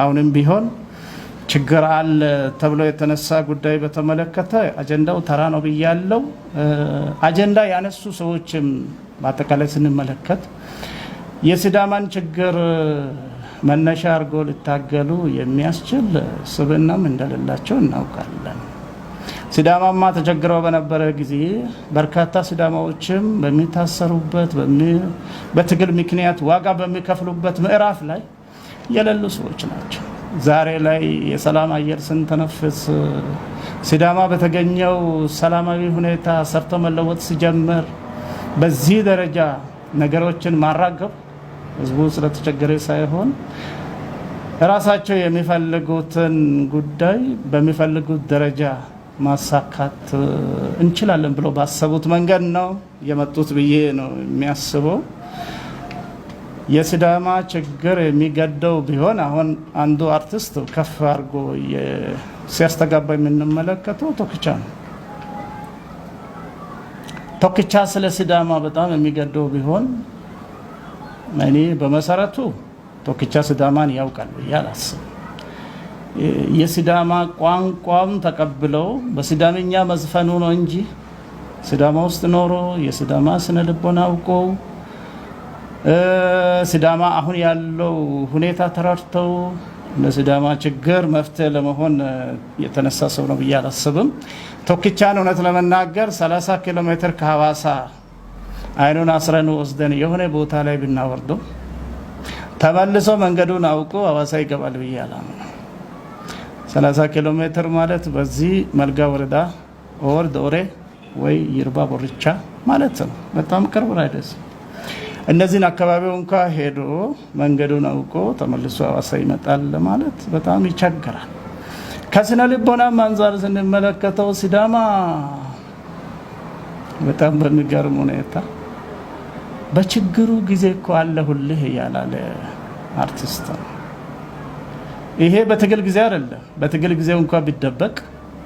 አሁንም ቢሆን ችግር አለ ተብሎ የተነሳ ጉዳይ በተመለከተ አጀንዳው ተራ ነው ብያለው። አጀንዳ ያነሱ ሰዎችም በአጠቃላይ ስንመለከት የሲዳማን ችግር መነሻ አድርጎ ሊታገሉ የሚያስችል ስብናም እንደሌላቸው እናውቃለን። ሲዳማማ ተቸግረው በነበረ ጊዜ በርካታ ሲዳማዎችም በሚታሰሩበት በትግል ምክንያት ዋጋ በሚከፍሉበት ምዕራፍ ላይ የሌሉ ሰዎች ናቸው። ዛሬ ላይ የሰላም አየር ስንተነፍስ ሲዳማ በተገኘው ሰላማዊ ሁኔታ ሰርቶ መለወጥ ሲጀምር በዚህ ደረጃ ነገሮችን ማራገብ ህዝቡ ስለተቸገረ ሳይሆን እራሳቸው የሚፈልጉትን ጉዳይ በሚፈልጉት ደረጃ ማሳካት እንችላለን ብሎ ባሰቡት መንገድ ነው የመጡት ብዬ ነው የሚያስበው። የሲዳማ ችግር የሚገደው ቢሆን አሁን አንዱ አርቲስት ከፍ አድርጎ ሲያስተጋባ የምንመለከተው ቶክቻ ነው። ቶክቻ ስለ ሲዳማ በጣም የሚገደው ቢሆን እኔ በመሰረቱ ቶክቻ ሲዳማን ያውቃል ብዬ የሲዳማ ቋንቋም ተቀብለው በሲዳምኛ መዝፈኑ ነው እንጂ ሲዳማ ውስጥ ኖሮ የሲዳማ ስነ ልቦና አውቀው ሲዳማ አሁን ያለው ሁኔታ ተረድተው ለሲዳማ ችግር መፍትሄ ለመሆን የተነሳ ሰው ነው ብዬ አላስብም። ቶኪቻን እውነት ለመናገር 30 ኪሎ ሜትር ከሐዋሳ አይኑን አስረን ወስደን የሆነ ቦታ ላይ ብናወርደው ተመልሶ መንገዱን አውቆ ሐዋሳ ይገባል ብዬ አላምነው። 30 ኪሎ ሜትር ማለት በዚህ መልጋ ወረዳ ኦር ዶሬ ወይ ይርባ ቦርቻ ማለት ነው። በጣም ቅርብ አይደለም። እነዚህን አካባቢው እንኳ ሄዶ መንገዱን አውቆ ተመልሶ ሀዋሳ ይመጣል ለማለት በጣም ይቸግራል። ከስነ ልቦናም አንጻር ስንመለከተው ሲዳማ በጣም በሚገርም ሁኔታ በችግሩ ጊዜ እኮ አለሁልህ እያላለ አርቲስት ነው። ይሄ በትግል ጊዜ አይደለም። በትግል ጊዜው እንኳ ቢደበቅ፣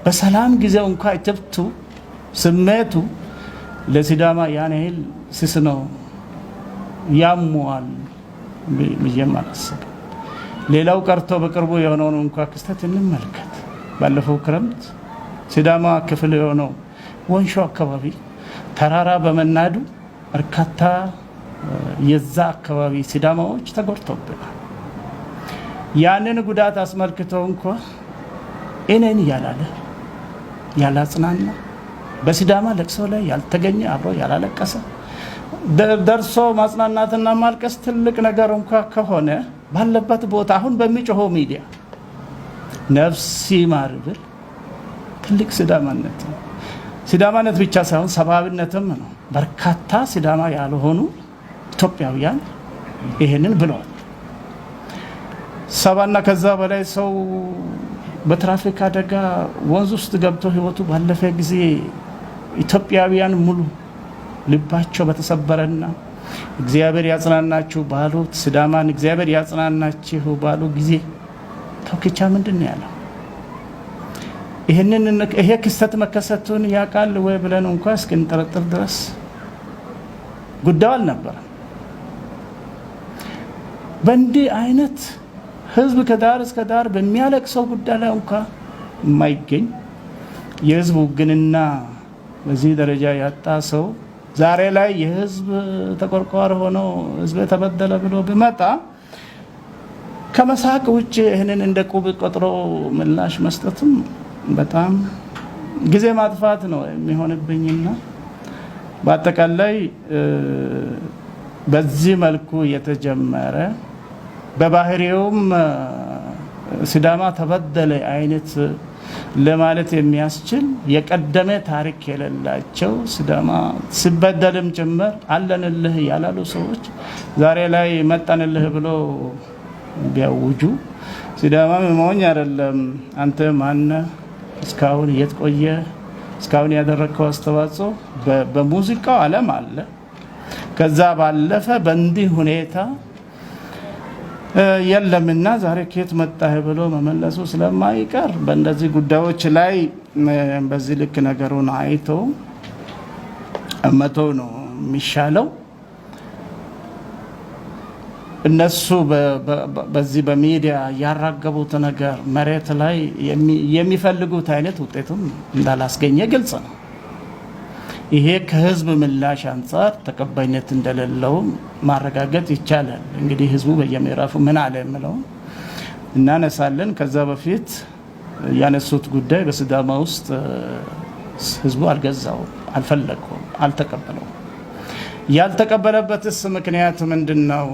በሰላም ጊዜው እንኳ ጭብቱ ስሜቱ ለሲዳማ ያን ያህል ስስ ነው። ያሟል ብዬም ሌላው ቀርቶ በቅርቡ የሆነውን እንኳ ክስተት እንመልከት። ባለፈው ክረምት ሲዳማ ክፍል የሆነው ወንሾ አካባቢ ተራራ በመናዱ በርካታ የዛ አካባቢ ሲዳማዎች ተጎድተውብናል። ያንን ጉዳት አስመልክቶ እንኳ እኔን ያላለ ያላጽናና፣ በሲዳማ ለቅሶ ላይ ያልተገኘ አብሮ ያላለቀሰ ደርሶ ማጽናናትና ማልቀስ ትልቅ ነገር እንኳ ከሆነ ባለበት ቦታ አሁን በሚጮኸው ሚዲያ ነፍስ ይማር ብል ትልቅ ሲዳማነት ነው። ሲዳማነት ብቻ ሳይሆን ሰብአዊነትም ነው። በርካታ ሲዳማ ያልሆኑ ኢትዮጵያውያን ይሄንን ብለዋል። ሰባና ከዛ በላይ ሰው በትራፊክ አደጋ ወንዝ ውስጥ ገብቶ ህይወቱ ባለፈ ጊዜ ኢትዮጵያውያን ሙሉ ልባቸው በተሰበረና እግዚአብሔር ያጽናናችሁ ባሉት ስዳማን እግዚአብሔር ያጽናናችሁ ባሉ ጊዜ ተውክቻ ምንድን ነው ያለው? ይህንን ይሄ ክስተት መከሰቱን ያውቃል ወይ ብለን እንኳ እስክንጠረጥር ድረስ ጉዳዩ አልነበረም። በእንዲህ አይነት ህዝብ ከዳር እስከ ዳር በሚያለቅሰው ጉዳይ ላይ እንኳ የማይገኝ የህዝብ ውግንና በዚህ ደረጃ ያጣ ሰው ዛሬ ላይ የህዝብ ተቆርቋሪ ሆኖ ህዝብ ተበደለ ብሎ ብመጣ ከመሳቅ ውጭ ይህንን እንደ ቁብ ቆጥሮ ምላሽ መስጠትም በጣም ጊዜ ማጥፋት ነው የሚሆንብኝና በአጠቃላይ በዚህ መልኩ የተጀመረ በባህሪውም ሲዳማ ተበደለ አይነት ለማለት የሚያስችል የቀደመ ታሪክ የሌላቸው ስዳማ ሲበደልም ጭምር አለንልህ ያላሉ ሰዎች ዛሬ ላይ መጠንልህ ብሎ ቢያውጁ ሲዳማ መሆኝ አይደለም። አንተ ማነ? እስካሁን የት ቆየ? እስካሁን ያደረግከው አስተዋጽኦ በሙዚቃው ዓለም አለ። ከዛ ባለፈ በእንዲህ ሁኔታ የለምና ዛሬ ከየት መጣህ ብሎ መመለሱ ስለማይቀር በእንደዚህ ጉዳዮች ላይ በዚህ ልክ ነገሩን አይቶ መተው ነው የሚሻለው። እነሱ በዚህ በሚዲያ ያራገቡት ነገር መሬት ላይ የሚፈልጉት አይነት ውጤቱም እንዳላስገኘ ግልጽ ነው። ይሄ ከህዝብ ምላሽ አንጻር ተቀባይነት እንደሌለውም ማረጋገጥ ይቻላል። እንግዲህ ህዝቡ በየምዕራፉ ምን አለ የምለው እናነሳለን። ከዛ በፊት ያነሱት ጉዳይ በስዳማ ውስጥ ህዝቡ አልገዛውም፣ አልፈለገውም፣ አልተቀበለውም። ያልተቀበለበትስ ምክንያት ምንድን ነው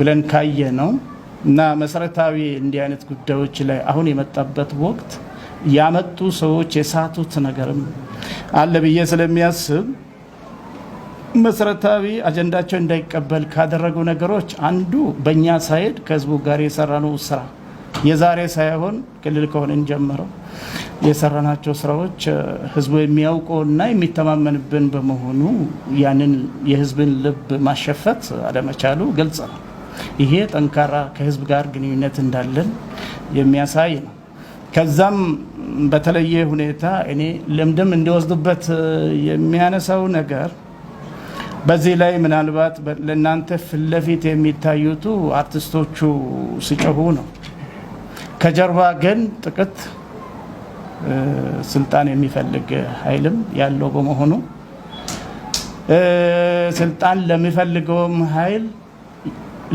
ብለን ካየ ነው እና መሰረታዊ እንዲህ አይነት ጉዳዮች ላይ አሁን የመጣበት ወቅት ያመጡ ሰዎች የሳቱት ነገርም አለ ብዬ ስለሚያስብ መሰረታዊ አጀንዳቸው እንዳይቀበል ካደረጉ ነገሮች አንዱ በእኛ ሳይድ ከህዝቡ ጋር የሰራነው ስራ የዛሬ ሳይሆን ክልል ከሆንን ጀምረው የሰራናቸው ስራዎች ህዝቡ የሚያውቀውና የሚተማመንብን በመሆኑ ያንን የህዝብን ልብ ማሸፈት አለመቻሉ ግልጽ ነው። ይሄ ጠንካራ ከህዝብ ጋር ግንኙነት እንዳለን የሚያሳይ ነው። ከዛም በተለየ ሁኔታ እኔ ልምድም እንዲወስዱበት የሚያነሳው ነገር በዚህ ላይ ምናልባት ለእናንተ ፊት ለፊት የሚታዩቱ አርቲስቶቹ ሲጮሁ ነው። ከጀርባ ግን ጥቂት ስልጣን የሚፈልግ ኃይልም ያለው በመሆኑ ስልጣን ለሚፈልገውም ኃይል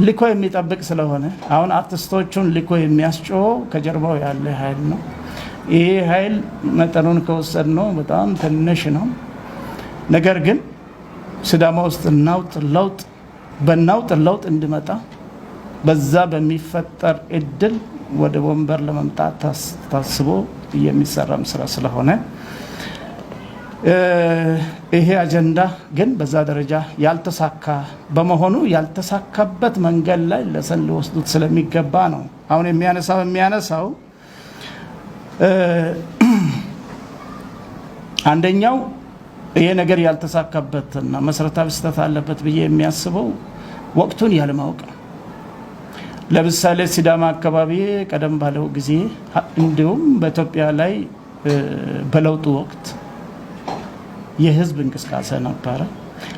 ልኮ የሚጠብቅ ስለሆነ አሁን አርቲስቶቹን ልኮ የሚያስጮኸው ከጀርባው ያለ ኃይል ነው። ይህ ኃይል መጠኑን ከወሰድ ነው በጣም ትንሽ ነው። ነገር ግን ስዳማ ውስጥ ናውጥ ለውጥ በናውጥ ለውጥ እንዲመጣ በዛ በሚፈጠር እድል ወደ ወንበር ለመምጣት ታስቦ የሚሰራም ስራ ስለሆነ ይሄ አጀንዳ ግን በዛ ደረጃ ያልተሳካ በመሆኑ ያልተሳካበት መንገድ ላይ ለሰን ሊወስዱት ስለሚገባ ነው። አሁን የሚያነሳው የሚያነሳው አንደኛው ይሄ ነገር ያልተሳካበትና መሰረታዊ ስህተት አለበት ብዬ የሚያስበው ወቅቱን ያለማወቅ ነው። ለምሳሌ ሲዳማ አካባቢ ቀደም ባለው ጊዜ እንዲሁም በኢትዮጵያ ላይ በለውጡ ወቅት የህዝብ እንቅስቃሴ ነበረ።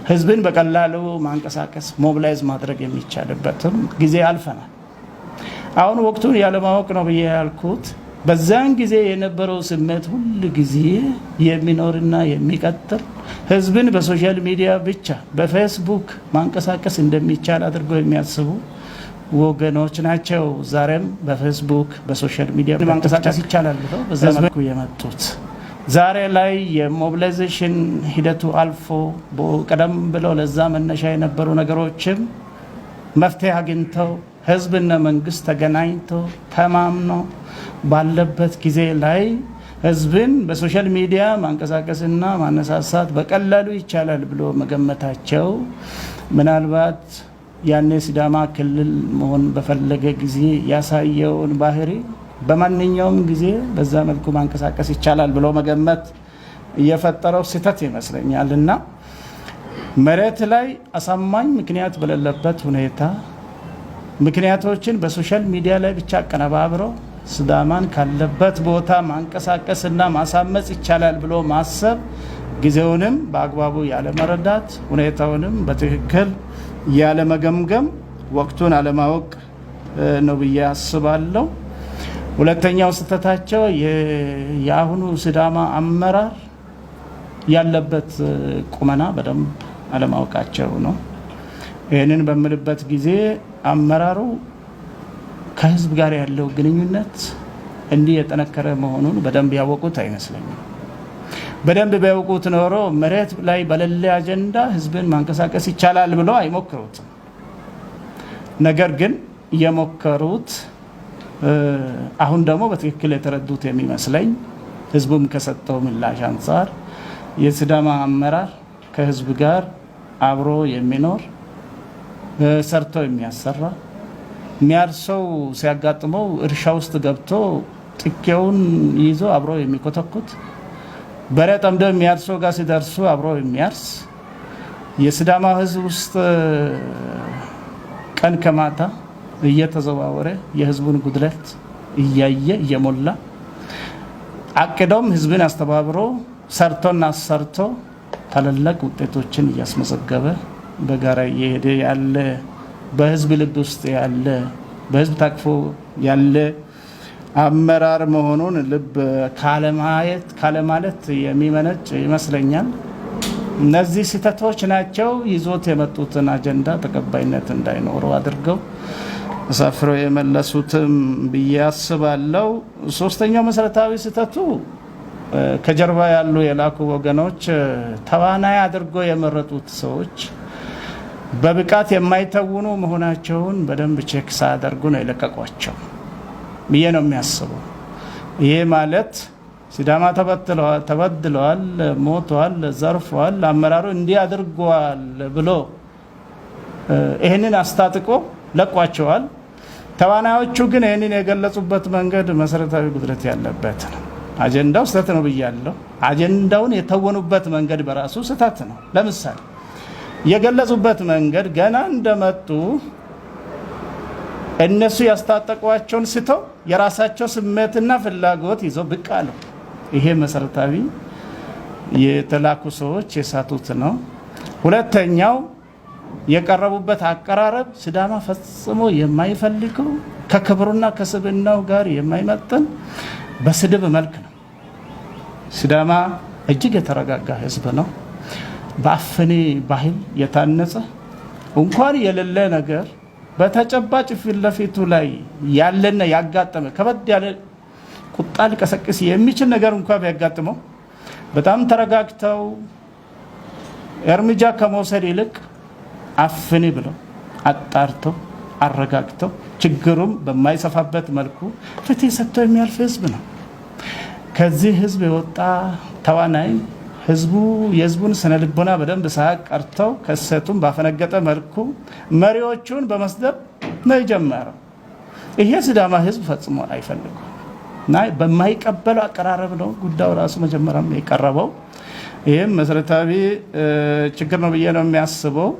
ህዝብን በቀላሉ ማንቀሳቀስ ሞብላይዝ ማድረግ የሚቻልበትም ጊዜ አልፈናል። አሁን ወቅቱን ያለማወቅ ነው ብዬ ያልኩት በዚያን ጊዜ የነበረው ስሜት ሁል ጊዜ የሚኖርና የሚቀጥል ህዝብን በሶሻል ሚዲያ ብቻ በፌስቡክ ማንቀሳቀስ እንደሚቻል አድርገው የሚያስቡ ወገኖች ናቸው። ዛሬም በፌስቡክ በሶሻል ሚዲያ ማንቀሳቀስ ይቻላል ብለው በዛ መልኩ የመጡት ዛሬ ላይ የሞቢላይዜሽን ሂደቱ አልፎ ቀደም ብለው ለዛ መነሻ የነበሩ ነገሮችም መፍትሄ አግኝተው ህዝብና መንግስት ተገናኝቶ ተማምኖ ባለበት ጊዜ ላይ ህዝብን በሶሻል ሚዲያ ማንቀሳቀስና ማነሳሳት በቀላሉ ይቻላል ብሎ መገመታቸው ምናልባት ያኔ ሲዳማ ክልል መሆን በፈለገ ጊዜ ያሳየውን ባህሪ በማንኛውም ጊዜ በዛ መልኩ ማንቀሳቀስ ይቻላል ብሎ መገመት የፈጠረው ስህተት ይመስለኛል እና መሬት ላይ አሳማኝ ምክንያት በሌለበት ሁኔታ ምክንያቶችን በሶሻል ሚዲያ ላይ ብቻ አቀነባብሮ ስዳማን ካለበት ቦታ ማንቀሳቀስ እና ማሳመጽ ይቻላል ብሎ ማሰብ ጊዜውንም በአግባቡ ያለመረዳት፣ ሁኔታውንም በትክክል ያለመገምገም፣ ወቅቱን አለማወቅ ነው ብዬ አስባለሁ። ሁለተኛው ስህተታቸው የአሁኑ ስዳማ አመራር ያለበት ቁመና በደንብ አለማወቃቸው ነው። ይህንን በምልበት ጊዜ አመራሩ ከህዝብ ጋር ያለው ግንኙነት እንዲህ የጠነከረ መሆኑን በደንብ ያወቁት አይመስለኝም። በደንብ ቢያውቁት ኖሮ መሬት ላይ በሌለ አጀንዳ ህዝብን ማንቀሳቀስ ይቻላል ብሎ አይሞክሩትም። ነገር ግን የሞከሩት አሁን ደግሞ በትክክል የተረዱት የሚመስለኝ ህዝቡም ከሰጠው ምላሽ አንጻር የስዳማ አመራር ከህዝብ ጋር አብሮ የሚኖር ሰርቶ የሚያሰራ የሚያርሰው ሲያጋጥመው እርሻ ውስጥ ገብቶ ጥኬውን ይዞ አብሮ የሚኮተኩት በሬ ጠምዶ የሚያርሰው ጋር ሲደርሱ አብሮ የሚያርስ የስዳማ ህዝብ ውስጥ ቀን ከማታ እየተዘዋወረ የህዝቡን ጉድለት እያየ እየሞላ አቅዶም ህዝብን አስተባብሮ ሰርቶና ሰርቶ ታላላቅ ውጤቶችን እያስመዘገበ በጋራ እየሄደ ያለ በህዝብ ልብ ውስጥ ያለ በህዝብ ታቅፎ ያለ አመራር መሆኑን ልብ ካለማየት ካለማለት የሚመነጭ ይመስለኛል። እነዚህ ስህተቶች ናቸው ይዞት የመጡትን አጀንዳ ተቀባይነት እንዳይኖረው አድርገው ሰፍረው የመለሱትም ብዬ አስባለው። ሶስተኛው መሰረታዊ ስህተቱ ከጀርባ ያሉ የላኩ ወገኖች ተዋናይ አድርጎ የመረጡት ሰዎች በብቃት የማይተውኑ መሆናቸውን በደንብ ቼክ ሳያደርጉ ነው የለቀቋቸው ብዬ ነው የሚያስበው። ይህ ማለት ሲዳማ ተበድለዋል፣ ሞቷል፣ ዘርፏል፣ አመራሩ እንዲህ አድርጓል ብሎ ይህንን አስታጥቆ ለቋቸዋል። ተዋናዮቹ ግን ይህንን የገለጹበት መንገድ መሰረታዊ ጉድለት ያለበት ነው። አጀንዳው ስህተት ነው ብያለሁ። አጀንዳውን የተወኑበት መንገድ በራሱ ስህተት ነው። ለምሳሌ የገለጹበት መንገድ ገና እንደመጡ እነሱ ያስታጠቋቸውን ስተው የራሳቸው ስሜትና ፍላጎት ይዘው ብቅ አሉ። ይሄ መሰረታዊ የተላኩ ሰዎች የሳቱት ነው። ሁለተኛው የቀረቡበት አቀራረብ ስዳማ ፈጽሞ የማይፈልገው ከክብሩና ከስብናው ጋር የማይመጥን በስድብ መልክ ነው። ስዳማ እጅግ የተረጋጋ ህዝብ ነው። በአፍኔ ባህል የታነጸ እንኳን የሌለ ነገር በተጨባጭ ፊት ለፊቱ ላይ ያለና ያጋጠመ ከበድ ያለ ቁጣ ሊቀሰቅስ የሚችል ነገር እንኳ ቢያጋጥመው በጣም ተረጋግተው እርምጃ ከመውሰድ ይልቅ አፍኒ ብለው አጣርተው አረጋግተው ችግሩም በማይሰፋበት መልኩ ፍትህ ሰጥቶ የሚያልፍ ህዝብ ነው። ከዚህ ህዝብ የወጣ ተዋናይ ህዝቡ የህዝቡን ስነ ልቦና በደንብ ሳያቅ ቀርተው ከሰቱን ባፈነገጠ መልኩ መሪዎቹን በመስደብ ነው የጀመረው። ይሄ ሲዳማ ህዝብ ፈጽሞ አይፈልጉም እና በማይቀበለው አቀራረብ ነው ጉዳዩ ራሱ መጀመሪያም የቀረበው። ይህም መሰረታዊ ችግር ነው ብዬ ነው የሚያስበው።